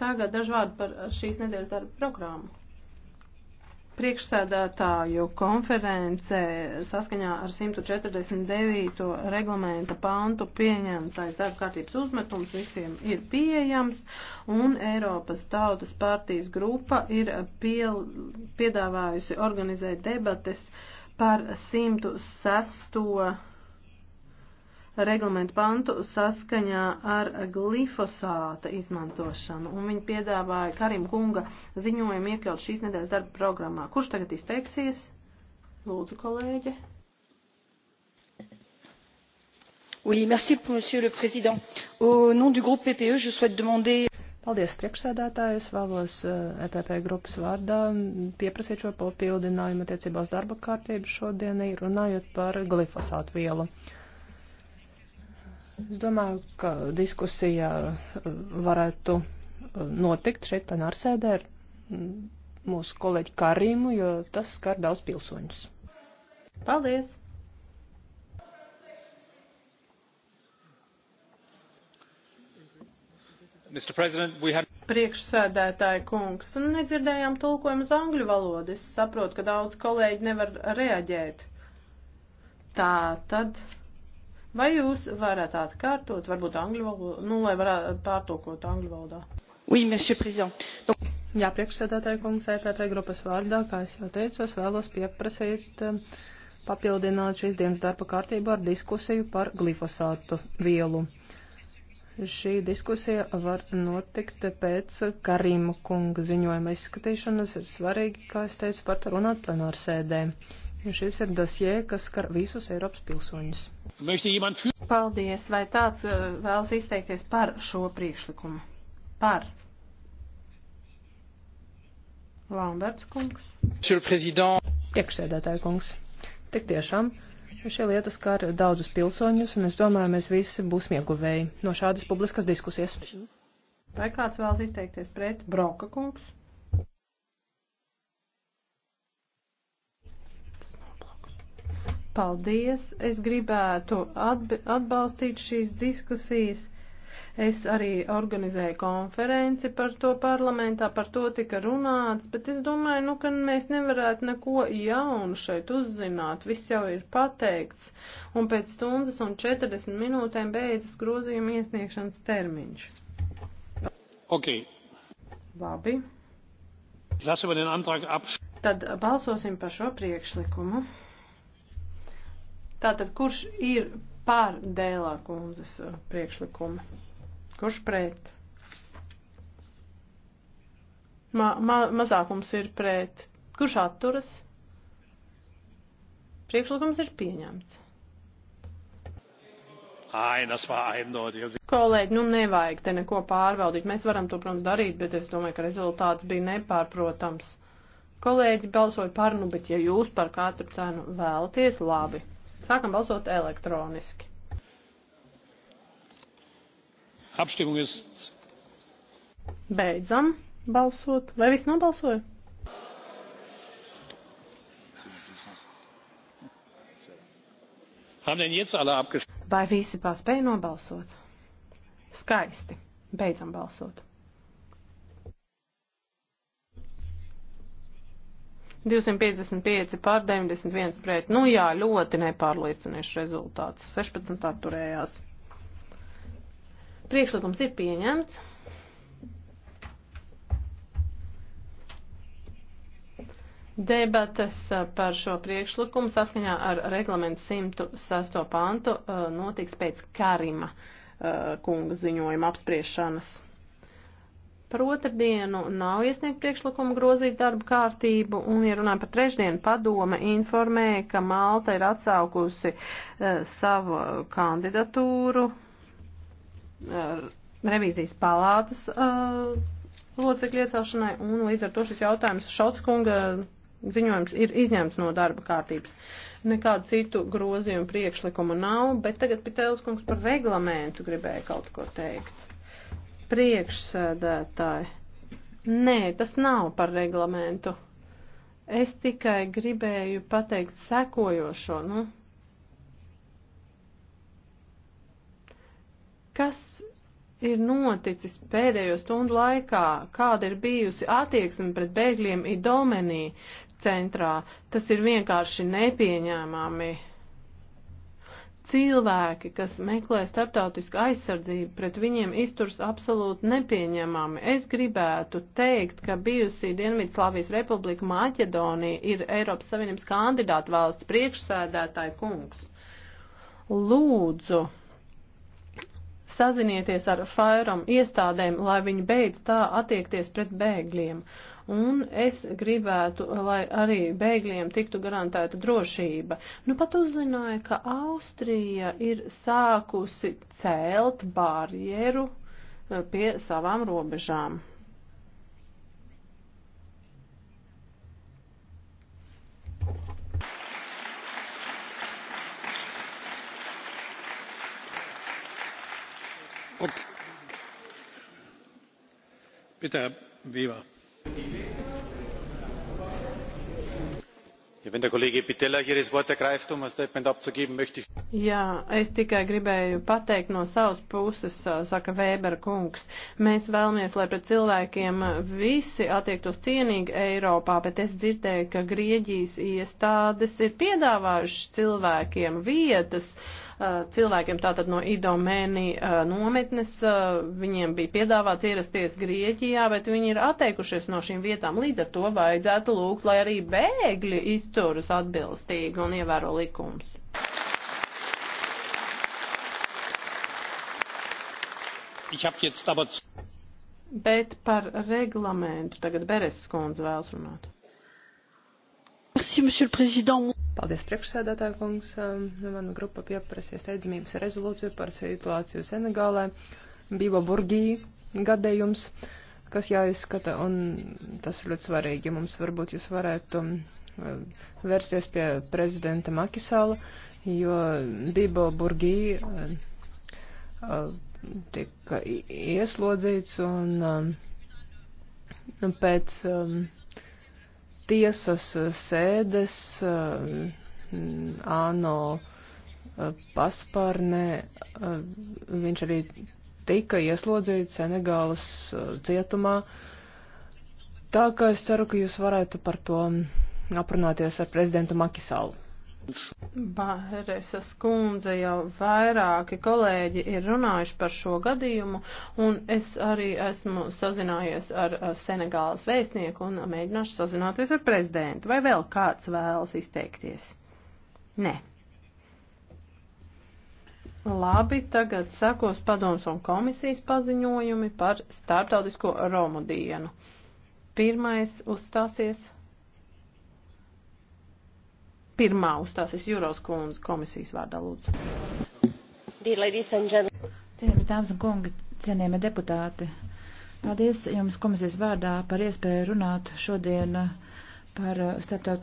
Tagad dažvārdi par šīs nedēļas darba programmu. Priekšsēdētāju konferencē saskaņā ar 149. reglamenta pantu pieņemtais darba kārtības uzmetums visiem ir pieejams, un Eiropas Tautas partijas grupa ir pie, piedāvājusi organizēt debates par 106 reglamentu pantu saskaņā ar glifosāta izmantošanu, un viņi piedāvāja Karim Kunga ziņojumu iekļaut šīs nedēļas darba programmā. Kurš tagad izteiksies? Lūdzu, kolēģi. Oui, merci, monsieur le président. Au nom du groupe PPE, je souhaite demander. Paldies, priekšsēdētāji. Es vēlos EPP eh, e grupas vārdā pieprasīt šo papildinājumu attiecībā uz darba kārtību šodienai, runājot par glifosātu vielu. Uh, Es domāju, ka diskusija uh, varētu uh, notikt šeit plenārsēdē ar mm, mūsu kolēģi Karīmu, jo tas skar daudz pilsoņus. Paldies! Have... Priekšsēdētāja kungs, nedzirdējām tulkojumu uz angļu valodu. Es saprotu, ka daudz kolēģi nevar reaģēt. Tā tad. Vai jūs varat atkārtot, varbūt angļu valodā, nu, lai varētu pārtulkot angļu valodā? Oui, monsieur président. Donc... Jā, priekšsēdētāja kungs, EPP grupas vārdā, kā es jau teicu, es vēlos pieprasīt eh, papildināt šīs dienas darba kārtību ar diskusiju par glifosātu vielu. Šī diskusija var notikt pēc Karīma kunga ziņojuma izskatīšanas. Ir svarīgi, kā es teicu, par to runāt plenārsēdē. sēdē. Šis ir dosie, kas skar visus Eiropas pilsoņus. Paldies. Vai tāds eh, vēlas izteikties par šo priekšlikumu? Par. Lamberts kungs. Priekšsēdētāja kungs. Tik tiešām. Šie lieta skar daudzus pilsoņus, un es domāju, mēs visi būsim ieguvēji no šādas publiskas diskusijas. Vai kāds vēlas izteikties pret Broka kungs? Paldies! Es gribētu atbalstīt šīs diskusijas. Es arī organizēju konferenci par to parlamentā, par to tika runāts, bet es domāju, nu, ka mēs nevarētu neko jaunu šeit uzzināt, viss jau ir pateikts, un pēc stundas un 40 minūtēm beidzas grozījuma iesniegšanas termiņš. Ok. Labi. Tad balsosim par šo priekšlikumu. Tātad, kurš ir pār dēlā kundzes uh, priekšlikumu? Kurš pret? Ma ma mazākums ir pret. Kurš atturas? Priekšlikums ir pieņemts. Ai, tas var eindeutig. Kolēģi, nu nevajag te neko pārbaudīt. Mēs varam to, protams, darīt, bet es domāju, ka rezultāts bija nepārprotams. Kolēģi balsoja par, nu, bet ja jūs par katru cenu vēlaties, labi. Sākam balsot elektroniski. Abstimmung ist. Beidzam balsot. Vai viss nobalsoja? Vai visi paspēja nobalsot? Skaisti. Beidzam balsot. 255 pār 91 pret. Nu jā, ļoti nepārliecinošs rezultāts. 16 atturējās. Priekšlikums ir pieņemts. Debates par šo priekšlikumu saskaņā ar reglamentu 106. pantu eh, notiks pēc Karima eh, kunga ziņojuma apspriešanas par otrdienu nav iesniegt priekšlikumu grozīt darba kārtību, un, ja runājam par trešdienu, padome informēja, ka Malta ir atsaukusi uh, savu kandidatūru uh, revīzijas palātas uh, locekļu iecelšanai, un līdz ar to šis jautājums Šautskunga ziņojums ir izņemts no darba kārtības. Nekādu citu grozījumu priekšlikumu nav, bet tagad Pitēlis kungs par reglamentu gribēja kaut ko teikt priekšsēdētāji. Nē, tas nav par reglamentu. Es tikai gribēju pateikt sekojošo. Nu. Kas ir noticis pēdējo stundu laikā, kāda ir bijusi attieksme pret bēgļiem Idomenī centrā, tas ir vienkārši nepieņēmami cilvēki, kas meklē starptautisku aizsardzību, pret viņiem izturs absolūti nepieņemami. Es gribētu teikt, ka bijusī Dienvidslāvijas republika Maķedonija ir Eiropas Savienības kandidāta valsts priekšsēdētāja kungs. Lūdzu, sazinieties ar fairam iestādēm, lai viņi beidz tā attiekties pret bēgļiem. Un es gribētu, lai arī bēgļiem tiktu garantēta drošība. Nu pat uzzināju, ka Austrija ir sākusi celt barjeru eh, pie savām robežām. Ja, wenn der Kollege Pitella hier das Wort ergreift, um ein Statement abzugeben, möchte ich. Jā, es tikai gribēju pateikt no savas puses, saka Vēbera kungs. Mēs vēlamies, lai pret cilvēkiem visi attiektos cienīgi Eiropā, bet es dzirdēju, ka Grieģijas iestādes ir piedāvājušas cilvēkiem vietas. Uh, Eh, cilvēkiem tātad no Idomēni eh, nometnes. Eh, viņiem bija piedāvāts ierasties Grieķijā, bet viņi ir atteikušies no šīm vietām. Līdz ar to vajadzētu lūgt, lai arī bēgļi izturas atbilstīgi un ievēro likums. Ich habe jetzt aber Bet par reglamentu tagad Beres skundze vēlas runāt. Merci, monsieur le président. Paldies, priekšsēdētāja kungs. Mana grupa pieprasīja steidzamības rezolūciju par situāciju Senegālē. Bība Burgī gadījums, kas jāizskata, un tas ir ļoti svarīgi. Mums varbūt jūs varētu vērsties pie prezidenta Makisāla, jo Bība Burgī tika ieslodzīts un pēc. Um, tiesas eh, sēdes eh, ANO eh, paspārnē. Viņš arī tika ieslodzīts Senegālas cietumā. Tā kā es ceru, ka jūs varētu par to aprunāties ar prezidentu Makisalu. Bahereses kundze jau vairāki kolēģi ir runājuši par šo gadījumu, un es arī esmu sazinājies ar Senegālas vēstnieku un mēģināšu sazināties ar prezidentu. Vai vēl kāds vēlas izteikties? Nē. Labi, tagad sakos padoms un komisijas paziņojumi par starptautisko Romu dienu. Pirmais uzstāsies Pirmā uzstāsies Jūros komisijas vārdā, lūdzu. Cienījami dāmas un kungi, cienījami deputāti, paldies jums komisijas vārdā par iespēju runāt šodien par uh, starptautisku.